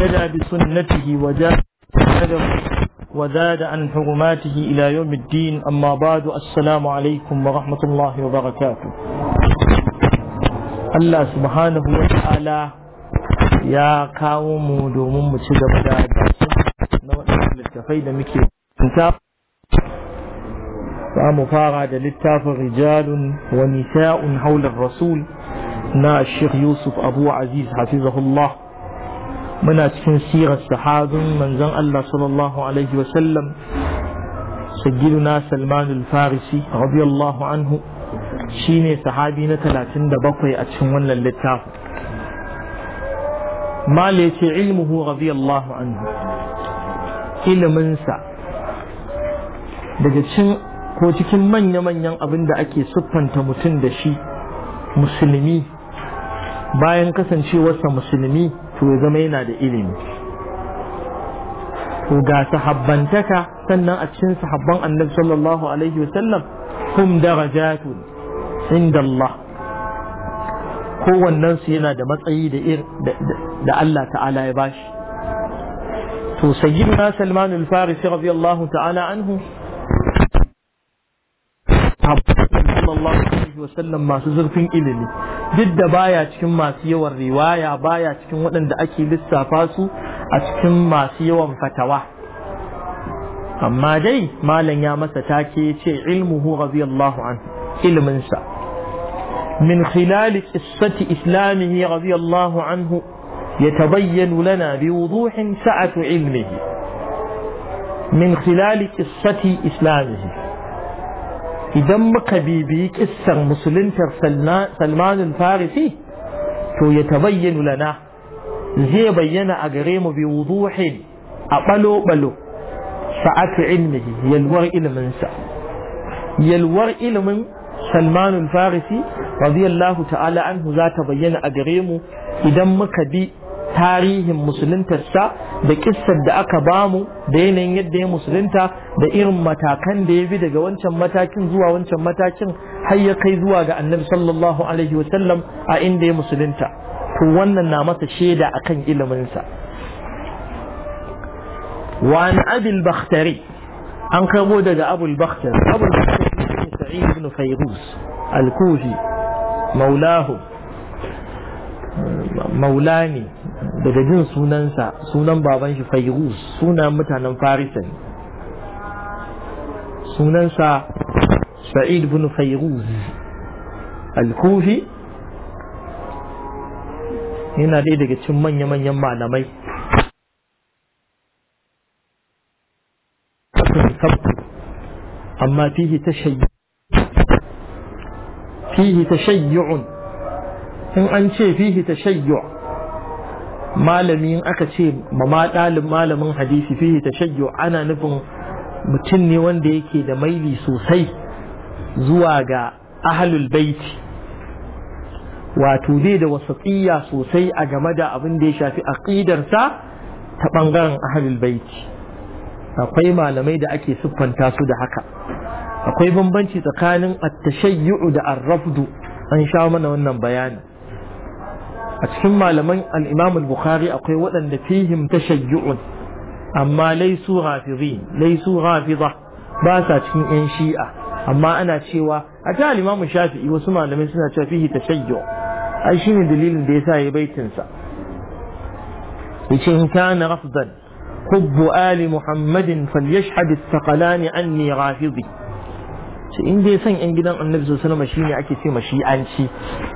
اهتدى بسنته وجاهد وزاد عن حرماته الى يوم الدين اما بعد السلام عليكم ورحمه الله وبركاته. الله سبحانه وتعالى يا قوم دومون متشدد بلاد التفيد مكي كتاب ومفارد للتاف رجال ونساء حول الرسول نا الشيخ يوسف ابو عزيز حفظه الله muna cikin sirar sahabin manzon Allah sallallahu alaihi wasallam sayyiduna Salman al-Farisi radiyallahu anhu shine sahabi na 37 a cikin wannan littafin mala yace ilmuhu radiyallahu anhu iliminsa daga cin ko cikin manya-manyan abin da ake siffanta mutum da shi musulmi bayan kasancewarsa musulmi to ya zama yana da ilimi to ga sahabbantaka sannan a cikin sahabban annabi sallallahu alaihi wa wasallam hum darajatun inda Allah kowannen su yana da matsayi da ir da Allah ta'ala ya bashi to sayyidina Salman al-Farisi radiyallahu ta'ala anhu sallallahu alaihi wa sallam masu zurfin ilimi duk da baya cikin masu yawan riwaya baya cikin waɗanda ake lissafa su a cikin masu yawan fatawa amma dai malam ya masa take ce ilmuhu radiyallahu an sa min khilal qissati islamihi radiyallahu anhu يتبين لنا بوضوح سعة ilmihi min khilal قصة إسلامه idan muka bibiyi kissar musuluntar salmanin farisi to ya tabayyanu lana zai bayyana a gare mu bi wuduhin a balo-balo sa'atu ilmihi yalwar iliminsa yalwar ilimin salmanin farisi radiyallahu ta'ala anhu za ta bayyana a gare mu idan muka bi tarihin musuluntarsa da kissar da aka bamu da yanayin yadda ya musulunta da irin matakan da ya bi daga wancan matakin zuwa wancan matakin har ya kai zuwa ga annabi sallallahu alaihi wasallam a inda ya musulunta to wannan na masa shaida akan iliminsa wa an abil bakhtari an kamo daga abul bakhtari abul bakhtari sa'id ibn fayruz al-kufi maulahu maulani daga jin sunansa sunan baban shi fayruz sunan mutanen farisa ne sunansa sa'id bin fayruz al-kufi yana ɗaya daga cin manya-manyan malamai amma fihi tashayyu fihi ta in an ce fihi tashayyu' malami in aka ce ma malamin hadisi fi tashayyu ana nufin mutum ne wanda yake da maili sosai zuwa ga ahlul baiti wato zai da wasatsiya sosai a game da abin da ya shafi aqidarsa ta bangaren ahlul baiti akwai malamai da ake siffanta su da haka akwai bambanci tsakanin at-tashayyu da ar an sha mana wannan bayanin a cikin malaman al-Imam al-Bukhari akwai waɗanda fihim tashayyu'un amma laisu hafizin laisu hafiza ba sa cikin yan shi'a amma ana cewa a ta al-Imam Shafi'i wasu malamai suna cewa fihi tashayyu ai shine dalilin da yasa yayi baitin sa yace in kana rafdan hubbu ali muhammadin falyashhad ath-thaqalani anni rafidi ce in dai son yan gidan annabi sallallahu alaihi shine ake ce ma shi'anci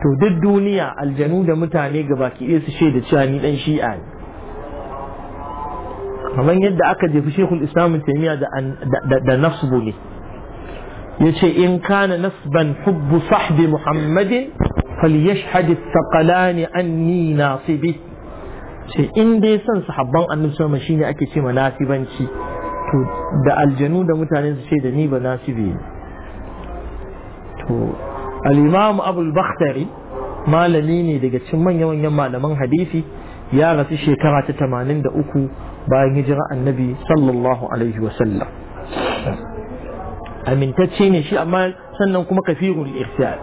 to duk duniya aljanu da mutane gabaki ɗaya su shaida cewa ni dan shi'a ne kamar yadda aka jefi shekul islamun taimiyya da nasbu ne ya ce in kana nasban hubbu sahbi muhammadin فليشهد الثقلان أني ناصبي ce in dai son sahabban annabi sama shine ake ce ma nasibanci to da aljanu da mutane su ce da ni ba nasibi ne to al bakhtari malami ne daga cikin manya manyan malaman hadisi ya rasu shekara ta uku, bayan hijira annabi sallallahu alaihi wa sallam amintacce ne shi amma sannan kuma Kafiru irsal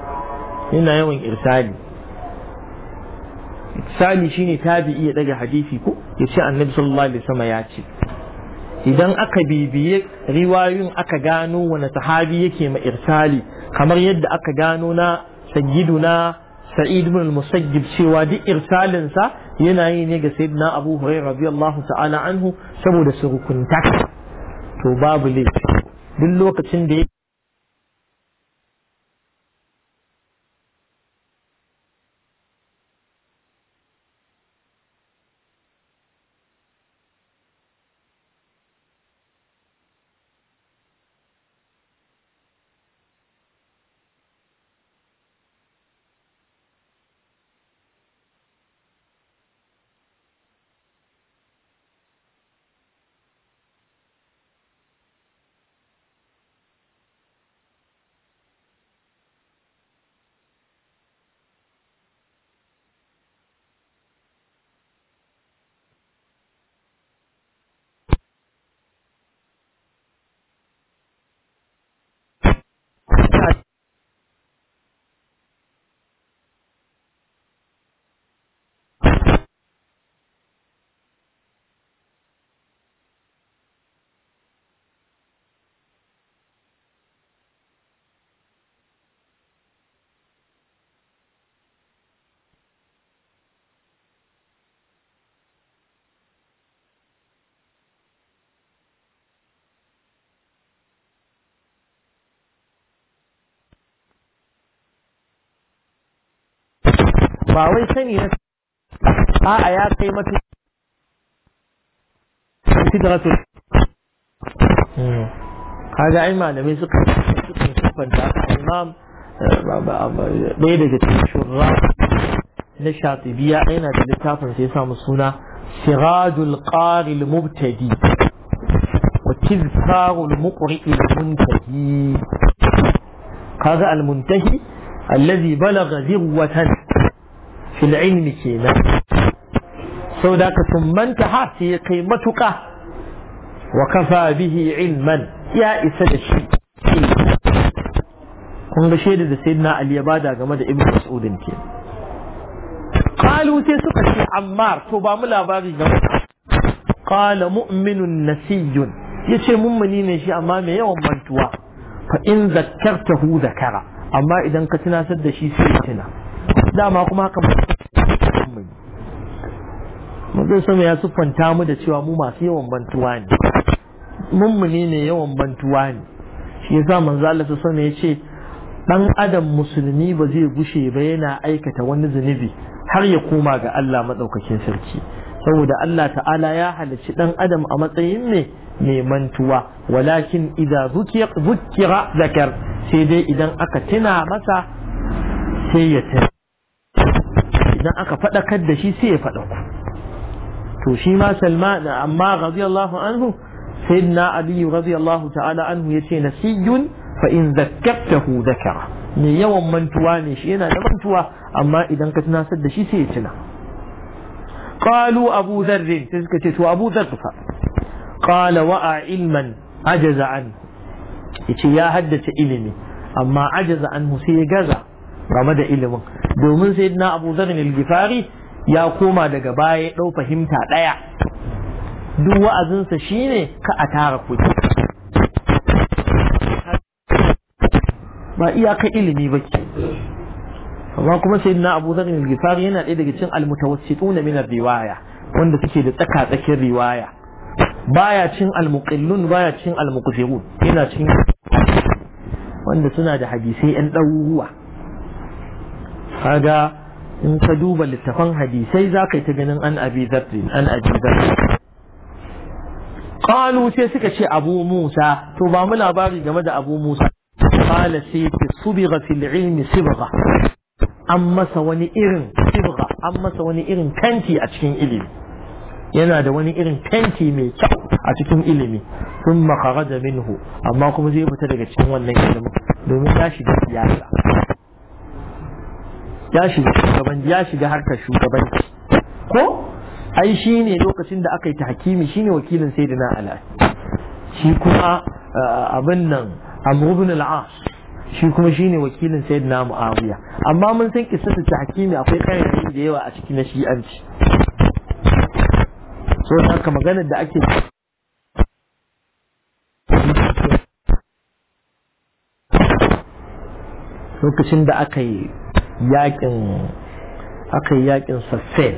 yana yawan irsali irsali shine tabi'i ya daga hadisi ko ya ce annabi sallallahu alaihi wasallam ya ce idan aka bibiye riwayoyin aka gano wani sahabi yake ma irsali kamar yadda aka gano na sayyiduna na ibn al musajjib cewa duk irsalin sa yana yi ne ga sayyidina abu hurairah radiyallahu ta'ala anhu saboda surukunta to babu laifi duk lokacin da ba wai sani na a'a ya kai mata sidratul kaga ai malamai suka suka sifanta imam ɗaya daga cikin shurra na shatibiya yana da littafin sai ya samu suna sirajul qari mubtadi wa tizkarul muqri muntahi kaga al muntahi الذي بلغ ذروة fil ilmi kenan sau da ka tummanta har ya kai matuka, wa kafa bihi ilman ya isa da shi kun ga shaida da sayyidina ali ya bada game da ibnu mas'udin ke qalu sai suka ce ammar to ba mu labari game qala mu'minun nasiyun yace mummuni ne shi amma mai yawan mantuwa fa in zakkartahu zakara amma idan ka tunatar da shi sai tuna dama kuma haka manzo sama ya sufanta mu da cewa mu masu yawan bantuwa ne mummuni ne yawan bantuwa ne shi yasa manzo Allah ta sama ya ce dan adam musulmi ba zai gushe ba yana aikata wani zunubi har ya koma ga Allah madaukakin sarki saboda Allah ta'ala ya halicci dan adam a matsayin ne mai mantuwa walakin idza zukira zakar sai dai idan aka tuna masa sai ya tuna idan aka faɗakar da shi sai ya faɗaku to shi ma salman amma radiyallahu anhu sayyidina ali radiyallahu ta'ala anhu yace nasiyun fa in zakkatahu zakara me yawan mantuwa ne shi yana da mantuwa amma idan ka tunasar da shi sai ya tuna qalu abu dharr to abu fa qala wa'a ilman ajaza an yace ya haddace ilimi amma ajaza anhu sai ya gaza game da ilimin domin sayyidina abu dharr ya koma daga baya ya ɗau fahimta ɗaya duk wa'azinsa shine ka a tara kuɗi ba iya iyaka ilimi ba ke amma kuma sai na abu yi gifari yana ɗaya daga cikin almutawassitun minar riwaya wanda suke da tsaka tsakin riwaya baya cin almukullun baya cin almuqsirun yana cin wanda suna da hadisai yan ɗaruruwa kaga in ka duba littafan hadisai za ka yi ta ganin an abi zarri an abi qalu sai suka ce abu musa to ba mu labari game da abu musa qala sai ta subigha fil ilmi an masa wani irin sibira, an masa wani irin kanti a cikin ilimi yana da wani irin kanti mai kyau a cikin ilimi sun makara da minhu amma kuma zai fita daga cikin wannan ilimin domin ya shiga siyasa ya shiga shugaban ya shiga harkar shugabanci ko ai shi ne lokacin da aka yi ta hakimi shi ne wakilin sayyidina ala shi kuma eh, abin nan amru bin shi kuma shi ne wakilin sayyidina muawiya amma mun san kisatu ta hakimi akwai kayayyaki da yawa a cikin na shi'anci so haka maganar da ake lokacin da aka yi yakin aka yi yakin saffin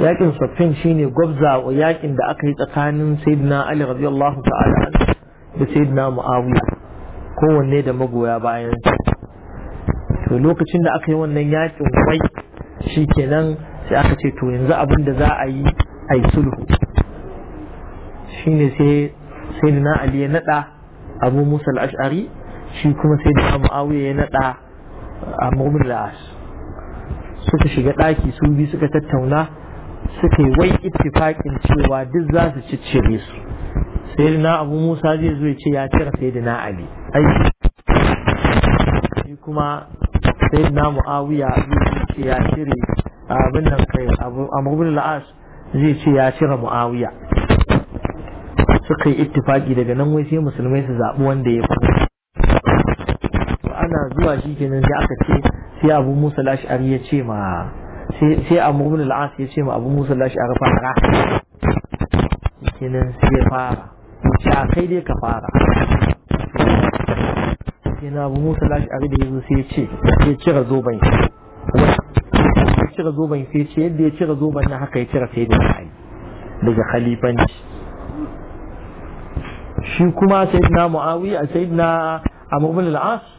yakin saffin shine gwabza wa yakin da aka yi tsakanin sayyidina ali radiyallahu ta'ala da sayyidina muawiya kowanne da magoya bayan to lokacin da aka yi wannan yakin ke shikenan sai aka ce to yanzu abin da za a yi a yi sulhu shine sai sayyidina ali ya nada abu musa al-ash'ari shi kuma sayyidina muawiya ya nada A bin la'as suka shiga ɗaki su bi suka tattauna suka yi wai ittifaƙin cewa duk za su ciccire su sai na abu musa zai zo ya ce ya cire sai da na ali ai kuma sai na mu'awiya zai ce ya cire abin nan kai a bin la'as zai ce ya cire mu'awiya suka yi ittifaƙi daga nan wai sai musulmai su zaɓi wanda ya fi zuwa shi kenan sai aka ce sai abu musa lash'ari ya ce ma sai abu ibn al'as ya ce ma abu musa lash'ari fara kenan sai fara sha kai dai ka fara kenan abu musa lash'ari da yazo sai ya ce sai cire zoben ya cire zoben sai ce yadda ya cire zoben na haka ya cire sai da yi daga khalifanci shi kuma sayyidina Muawiya sayyidina Amr ibn al-As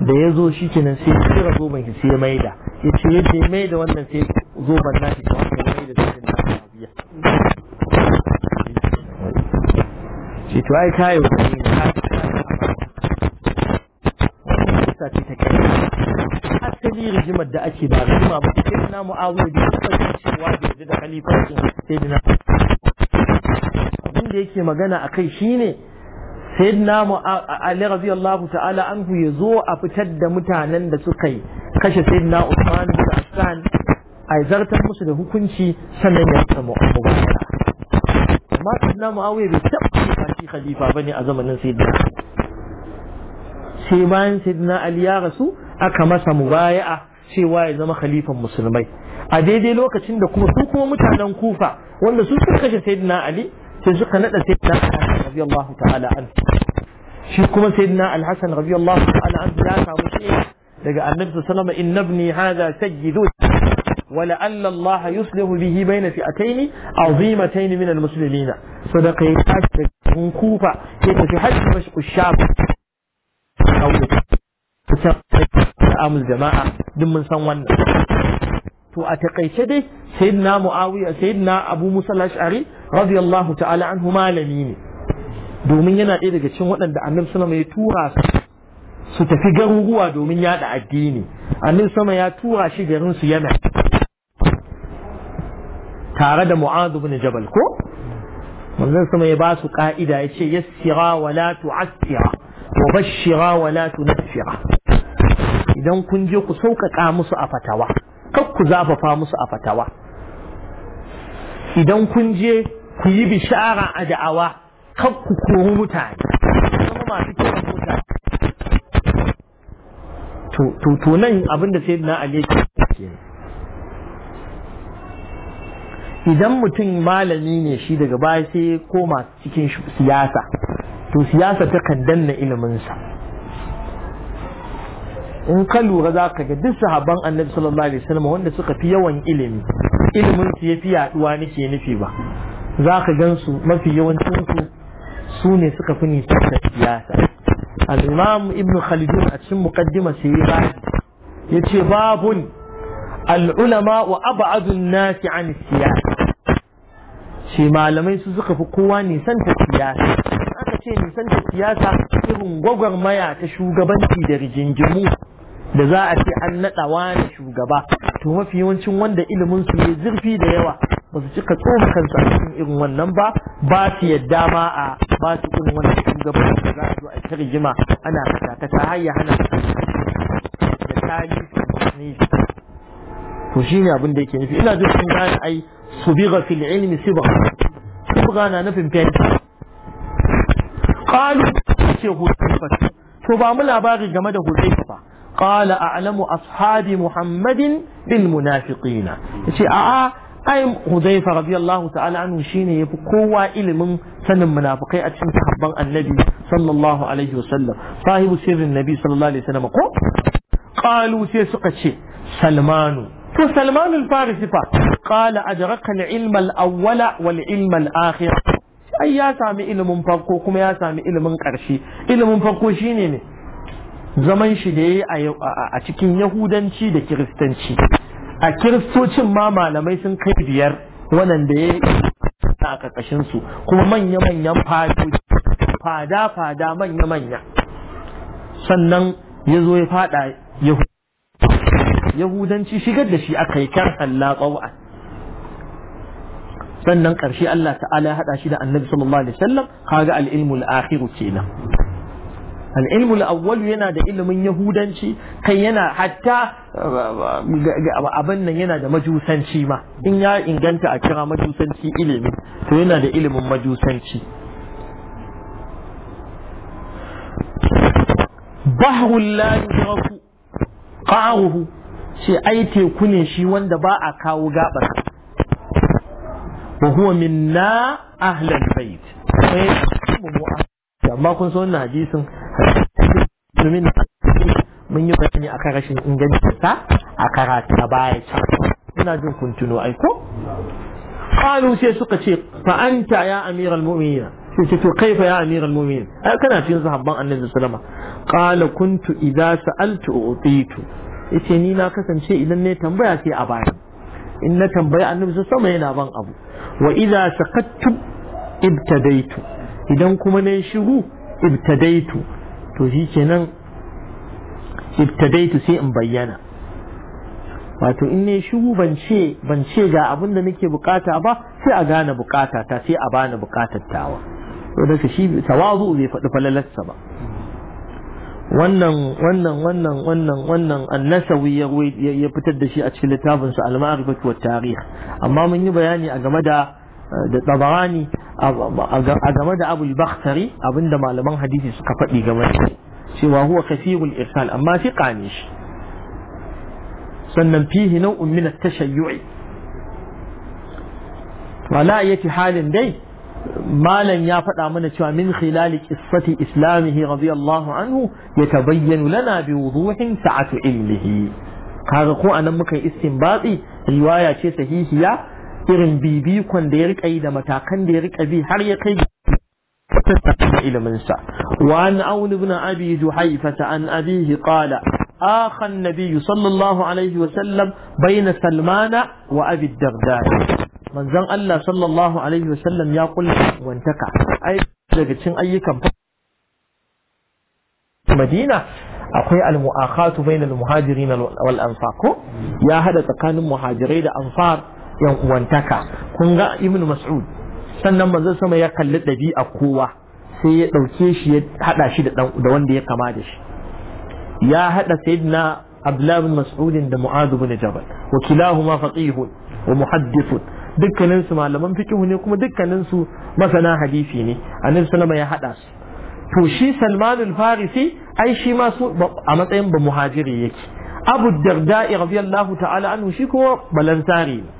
da ya zo shi kenan sai ya kira zoben shi sai ya maida ya ce ya ce maida wannan sai zoben nashi ta wata maida sai da biya ce to ai kayo da ne ka ta yi ta kai asali rigimar da ake ba rigima ba kai na mu'awiya da ya fara cewa da da ta sai da abin da yake magana a kai shine sayyidina ali radiyallahu ta'ala anhu ya zo a fitar da mutanen da suka yi kashe sayyidina usman bin affan a zartar musu da hukunci sannan ya samu abubakar amma sayyidina muawiya bai taɓa shi khalifa bane a zamanin sayyidina sai bayan sayyidina ali ya rasu aka masa mubaya'a cewa ya zama khalifan musulmai a daidai lokacin da kuma su kuma mutanen kufa wanda suka kashe sayyidina ali sai suka nada رضي الله تعالى عنه شي كما سيدنا الحسن رضي الله تعالى عنه لا تعرفي لقى النبي صلى الله ان ابني هذا سجد ولعل الله يصلح به بين فئتين عظيمتين من المسلمين صدق من كوفة كيف تحج مش الشاب أو دم من سوان فأتقي شدي سيدنا معاوية سيدنا أبو موسى الأشعري رضي الله تعالى عنه ما لمين domin yana ɗaya daga cikin waɗanda annabi sama ya tura su su tafi garuruwa domin yada addini annabi sama ya tura shi garin su yana tare da mu'adh ibn jabal ko manzon sama ya ba su ka'ida ya ce yassira wa la tu'assira wa bashira wa la tunaffira idan kun je ku sauƙaƙa musu a fatawa kar ku zafafa musu a fatawa idan kun je ku yi bishara a da'awa kan ku kori mutane kuma masu kiran mutane to nan abinda sai na ali idan mutum malami ne shi daga baya sai koma cikin siyasa to siyasa ta kan danna iliminsa in ka lura za ka ga duk sahabban annabi sallallahu alaihi wasallam wanda suka fi yawan ilimi ilimin su yafi yaduwa nake nufi ba za ka gan su mafi yawancin su su ne suka fi nisan siyasa al-imam ibn khalidun a cikin mukaddima sai ya yace babun al-ulama wa ab'adu an an siyasa shi malamai su suka fi kowa nisan siyasa aka ce nisan da siyasa irin gwagwarmaya ta shugabanci da rigingimu da za a ce an naɗa wani shugaba to mafi yawancin wanda ilimin su ne zurfi da yawa ba su cika tsohon kansa a cikin irin wannan ba ba su yadda ma a ba su irin wani cikin gabas da za su zo a ta rigima ana fatakata har ya hana da tarihi ne to shi ne abin da yake nufi ina jin sun gane ai su bi ga fil ilmi su ba su na nufin fenti Kalu ce hudayfa to ba mu labari game da hudayfa ba a a'lamu ashabi muhammadin bin munafiqina yace a'a ai Hudayfa radiyallahu ta'ala anhu shine yafi kowa ilimin sanin munafikai a cikin sahabban Annabi sallallahu alaihi wasallam sahibu sirrin Nabi sallallahu alaihi wasallam ko qalu sai suka ce Salmanu to salmanul al-Farisi fa qala adraka al al-awwala wal-ilm al-akhir ai ya sami ilimin farko kuma ya sami ilimin karshe ilimin farko shine ne zaman shi da yayi a cikin yahudanci da kiristanci a kiristocin ma malamai sun kai biyar wannan da ya yi a ƙarƙashin su kuma manya-manyan fada-fada manya-manya sannan ya zo ya fada yahudanci shigar da shi aka yi kyan hallaƙawa sannan ƙarshe Allah ta'ala ya haɗa shi da annabi sallallahu alaihi wasallam kaga al-ilmul akhiru kenan al-ilm al yana da ilimin yahudanci kan yana hatta eh, abin yana da majusanci ma in ya inganta a kira majusanci ilimi to yana da ilimin majusanci bahrullahi yaqu qa'ruhu shi aite ku ne shi wanda ba a kawo gaba wa huwa minna ahlal bait ma kun so wannan hadisin domin mun yi ne akan rashin inganci sa a karatu a baya can ina jin kun tuno ai ko qalu sai suka ce fa ya amiral mumina. sai ce to kaifa ya amiral mumina. ai kana cikin sahabban annabi sallama qala kuntu idza sa'altu utitu yace ni na kasance idan ne tambaya sai a baya in na tambayi annabi sallama yana ban abu wa idza saqattu ibtadaitu idan kuma ne shiru ibtadaitu to shi kenan ibtadaitu sai in bayyana wato in ne shugu ban ce ga abin da nake bukata ba sai a gane bukata ta sai a bani bukatar tawa to da shi tawazu bai faɗi falalarsa ba wannan wannan wannan wannan wannan annasawi ya fitar da shi a cikin littafinsa al-ma'rifatu wat tarikh amma mun yi bayani a game da da tabarani a game da abu bakhtari abinda malaman hadisi suka faɗi game da cewa huwa kasirul irsal amma fiqa ne shi sannan fihi nau'un min at-tashayyu'i wala yati halin dai malam ya faɗa mana cewa min khilali qissati islamihi radiyallahu anhu yatabayyanu lana bi wuduhin sa'atu ilmihi kaga ko anan muka istinbati riwaya ce sahihiya irin bibikon da ya rika yi da matakan da ya rika bi har ya kai tattakin iliminsa wa an Abidu bin abi juhaifa ta an abihi qala akhan nabiy sallallahu alaihi wa sallam bayna salmana wa abi darda manzon allah sallallahu alaihi wa sallam ya kulli wantaka ai daga cikin ayyukan madina akwai almu'akhatu bayna almuhajirin wal ansar ko ya haɗa tsakanin muhajirai da ansar yan uwantaka kun ga ibn mas'ud sannan manzon sama ya kalli ɗabi'a kowa sai ya ɗauke shi ya haɗa shi da wanda ya kama da shi ya haɗa sayyidina abdullah bin mas'ud da mu'adh bin jabal wa kilahuma faqih wa muhaddith dukkanin su malaman fiqh ne kuma dukkanin su masana hadisi ne annabi sallama ya haɗa su to shi salman al-farisi ai shi ma su a matsayin ba muhajiri yake abu darda radiyallahu ta'ala anhu shi kuma balansari ne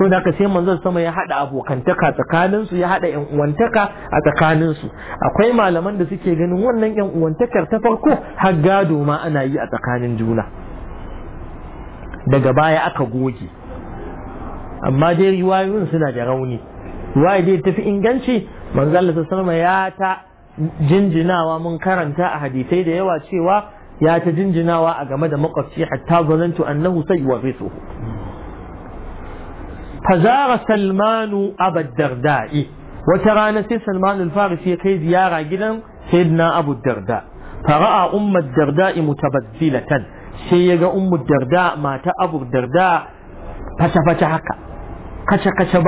so da ka sai manzon sama ya hada abokantaka tsakanin su ya haɗa yan uwantaka a tsakanin su akwai malaman da suke ganin wannan yan uwantakar ta farko har gado ma ana yi a tsakanin juna daga baya aka goge amma dai riwayoyin suna da rauni riwaya dai tafi inganci manzon Allah sama ya ta jinjinawa mun karanta a hadisai da yawa cewa ya ta jinjinawa a game da makwabci hatta zanantu annahu sai wa fazara salmanu abad darda'i wata rana sai salmanu al-farisi ya kai ziyara gidan sayyidina abu darda fara'a ummar darda'i mutabazzilatan sai ya ga ummu darda mata abu darda fata-fata haka kace-kace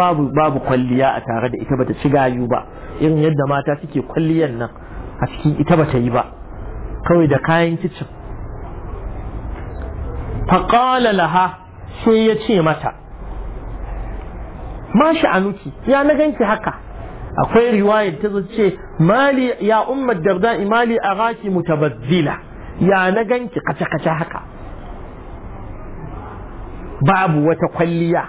babu kwalliya a tare da ita bata ci gayu ba irin yadda mata suke kwalliyan nan a cikin ita bata yi ba kawai da kayan kicin faƙala laha sai ya ce mata ma sha'anuki ya na ganki haka akwai riwaya ta ce mali ya ummar darda imali araki mutabazzila ya na ganki kace kace haka babu wata kwalliya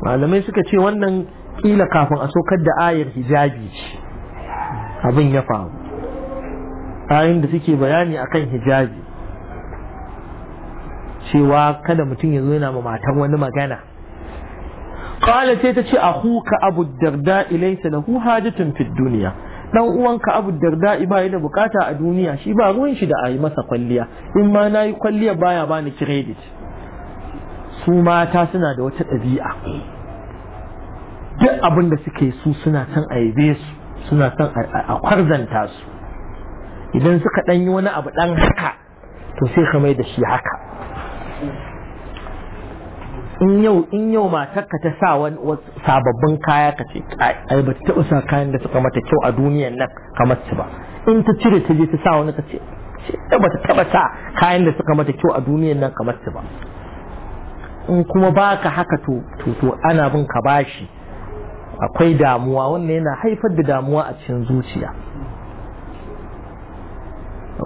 malamai suka ce wannan kila kafin a sokar da ayar hijabi ce abin ya faru ayin da suke bayani akan hijabi cewa kada mutum ya zo yana ma matan wani magana قال sai ta ce akhuka abu darda ilaysa lahu hajatun fid dan uwanka abu darda ba da bukata a duniya shi ba ruwan shi da ayi masa kwalliya in ma nayi kwalliya baya bani credit su mata suna da wata ɗabi'a duk abin da suke su suna son a su suna son a kwarzanta su idan suka ɗan wani abu ɗan haka to sai ka mai da shi haka in yau in yau matarka ta sa wani sababbin kaya ka ce ai ba ta taɓa sa kayan da suka mata kyau a duniyar nan kamar ta ba in ta cire ta je ta sa wani ka ce ba ta taɓa sa kayan da suka mata kyau a duniyar nan kamar ta ba in kuma baka haka to to ana bin ka bashi akwai damuwa wannan yana haifar da damuwa a cikin zuciya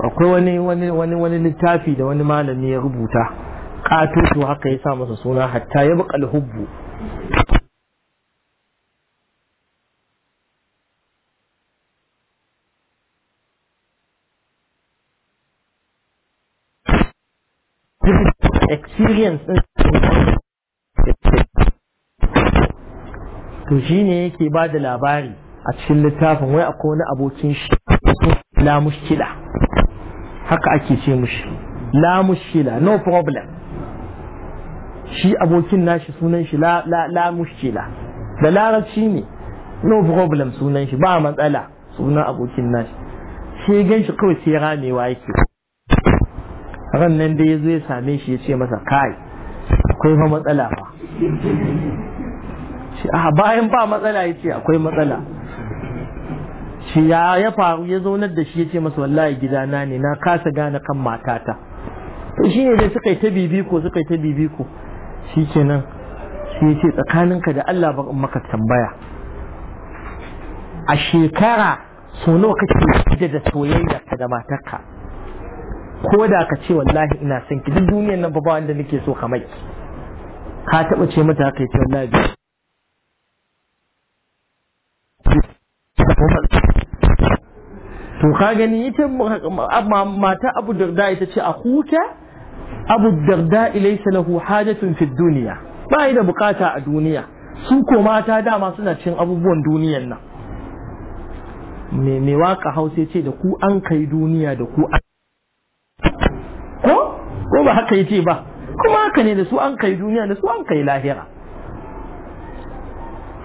akwai wani wani wani littafi da wani malami ya rubuta katoto haka ya sa masa suna hatta ya baka hubbu experience to shi ne yake ba da labari a cikin littafin wai a wani abokin shi la mushkila haka ake ce mushi la mushkila no problem shi abokin nashi sunan shi la mushkila da larabci ne no problem sunan shi ba matsala sunan abokin nashi sai gan shi kawai sai ramewa yake ran nan da ya zo ya same shi ya ce masa kai akwai fa matsala fa shi a bayan ba matsala ya ce akwai matsala shi ya ya faru ya zaunar da shi ya ce masa wallahi gidana ne na kasa gane kan matata to shi ne dai suka yi ta bibiko suka yi ta bibiko shi kenan sai ya ce tsakaninka da Allah ba in maka tambaya a shekara so nawa kake da da soyayya ka da matarka ko da ka ce wallahi ina son ki duk duniyar nan ba ba wanda nake so ka mai ka taba ce mata haka ce wallahi to ka gani ita mata abu da ita ce a huta abu darda ilaysa lahu hajatun fi duniya ba da bukata a duniya su ko mata dama suna cin abubuwan duniyan nan me waka hausa ce da ku an kai duniya da ku an ko ko ba haka yace ba kuma haka ne da su an kai duniya da su an kai lahira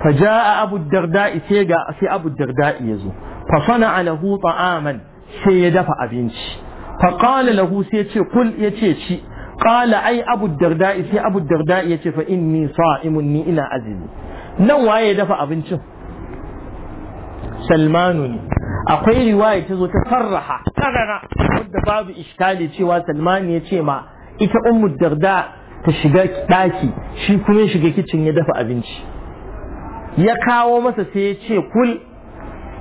abu sai abu الدرداء سيجا سي fa sana'a lahu ta'aman sai ya dafa abinci. faƙala lahu sai ce kul ya ce ci ƙala ai abu darda sai abu darda ya ce ina azumi nan waye dafa abincin salmanu ne akwai riwaya ta zo ta sarraha karara wadda babu iskali cewa salmanu ya ce ma ita ummu darda ta shiga ɗaki shi kuma ya shiga kicin ya dafa abinci ya kawo masa sai ya ce kul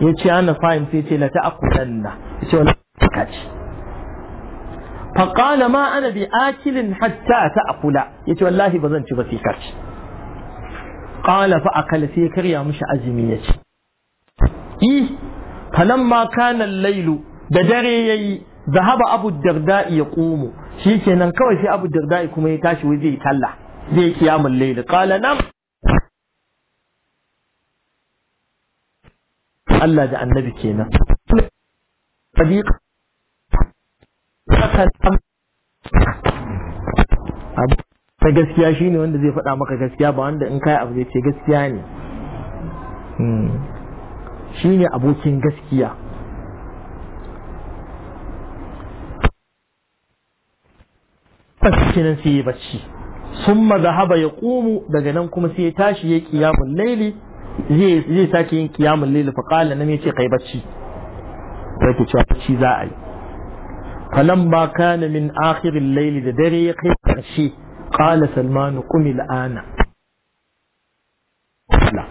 ya ce ana fahimta ya ce la ta'akulanna ya ce wani kaci فقال ما أنا بآكل حتى تأكل يتي والله بزن تبا سيكرش قال فأكل سيكر كريا مش أزمية اي فلما كان الليل بدري ذهب أبو الدرداء يقوم shi kenan kawai sai abu darda kuma ya tashi wai zai yi talla zai yi kiyamun laili qala nam Allah da annabi kenan ta gaskiya shi ne wanda zai faɗa maka gaskiya ba wanda in kai abu zai ce gaskiya ne hmm. shi ne abokin gaskiya nan sai ya bacci sun mazahaba ya ƙumu daga nan kuma sai ya tashi ya kiyamun laili zai sake yin kiyamun laili faƙala nan ya ce kai bacci sai ke cewa bacci za a yi فلما كان من آخر الليل دري قرشي قال سلمان قم الآن لا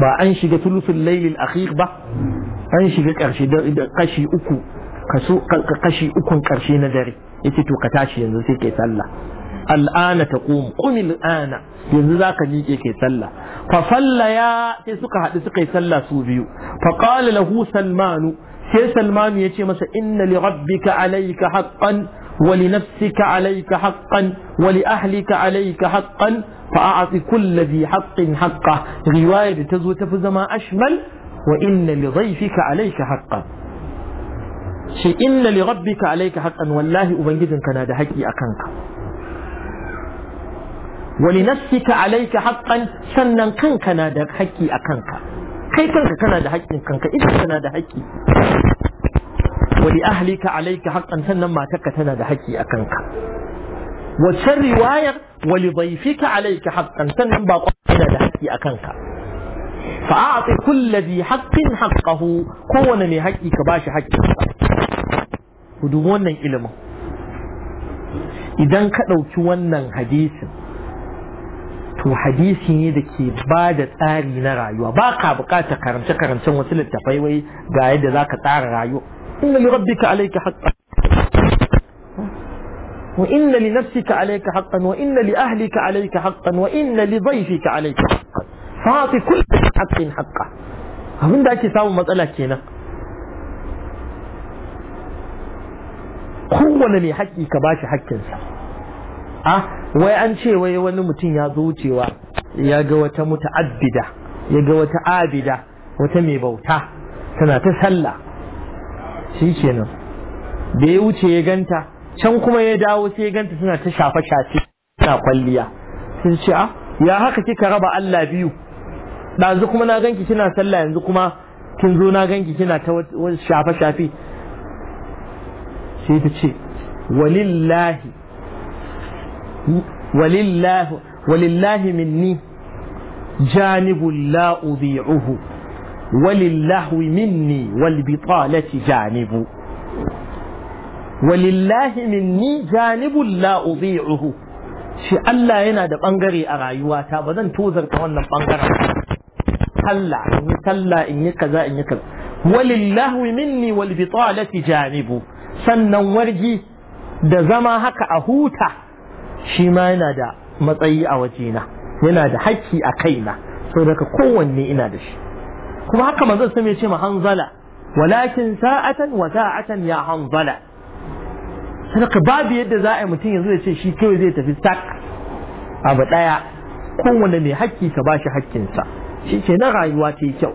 با أن شيء ثلث الليل ba. An shiga شيء قرشي قشي أكو kaso kashi ukun karshe na dare yace to ka tashi yanzu sai kai sallah al'ana taqum qumil ana yanzu zaka miƙe kai sallah fa sallaya sai suka haɗu suka yi sallah su biyu fa qala lahu salmanu sai salman ya ce masa inna li rabbika alayka haqqan wa li nafsika alayka haqqan wa li ahlika alayka haqqan fa a'ti kulli dhi haqqin haqqa riwaya da tazo tafi zama ashmal wa inna li dhayfika alayka haqqan shi inna li rabbika alayka haqqan wallahi ubangijinka kana da haƙi akan ka wa li nafsika alayka haqqan sannan kanka na da haƙi akan ka kai kanka kana da haƙƙin kanka ita tana da haƙƙi wali ahlika alayka haqqan sannan matarka tana da haƙƙi a kanka waccan riwayar wali dhaifika alayka haqqan sannan baƙon tana da haƙƙi a kanka fa'ati kulli dhi haqqin haqqahu kowane mai haƙƙi ka bashi haƙƙinsa ku dubi wannan ilimin idan ka ɗauki wannan hadisin wato hadisi ne da ke ba da tsari na rayuwa ba ka bukata karance karancen wasu littafai wai ga yadda za ka tsara rayuwa inna li rabbika alayka haqqan wa inna li nafsika alayka haqqan wa inna li ahlika alayka haqqan wa inna li dhayfika alayka haqqan fa'ati kulli haqqin haqqa abin da ake samun matsala kenan kowane mai haƙƙi ka bashi haƙƙinsa a ah, wai an ce wai wani mutum ya zo wucewa ya ga wata muta'addida ya ga wata abida wata mai bauta tana ta sallah shi kenan da ya wuce ya ganta can kuma ya dawo sai ya ganta suna ta shafe shafe suna kwalliya sun ce a ah, ya haka kika raba Allah biyu ɗazu kuma na ganki kina sallah yanzu kuma kin zo na ganki kina ta shafa shafe sai ta ce walillahi ولله ولله مني جانب لا أضيعه ولله مني والبطالة جانب ولله مني جانب لا أضيعه شي الله هنا ده بانغري أرايوا تابدا توزر كمان ده بانغرا هلا هلا إني كذا إني كذا ولله مني والبطالة جانب سنورجي ده زما هكا أهوتا shi ma yana da matsayi a wajena yana da haƙƙi a kaina sau daga kowanne ina da shi kuma haka manzo sun ce ma hanzala walakin sa'atan wa sa'atan ya hanzala sadaka babu yadda za a yi mutum yanzu ya ce shi kawai zai tafi sak abu ɗaya kowanne mai haƙƙi ka ba shi haƙƙinsa shi ke na rayuwa ta yi kyau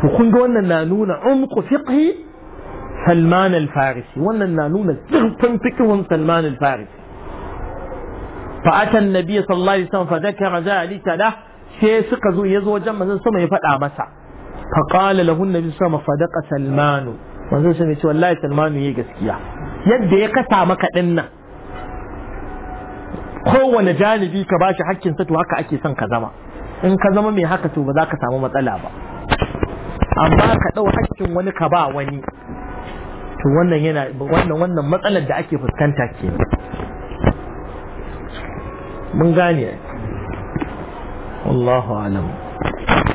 to kun ga wannan na nuna umku fiqhi salman al wannan na nuna zurfin fikihun salman al-farisi fa'atan annabi sallallahu alaihi wasallam fa zakara zalika da sai suka zo yazo wajen manzon sama ya faɗa masa fa qala lahu annabi sallallahu alaihi salmanu manzon sama ya ce wallahi salmanu yayi gaskiya yadda ya kasa maka dinnan kowane janibi ka bashi hakkin sa to haka ake son ka zama in ka zama mai haka to ba za ka samu matsala ba amma ka ɗau hakkin wani ka ba wani to wannan yana wannan wannan matsalar da ake fuskanta ke mun gane wallahu alam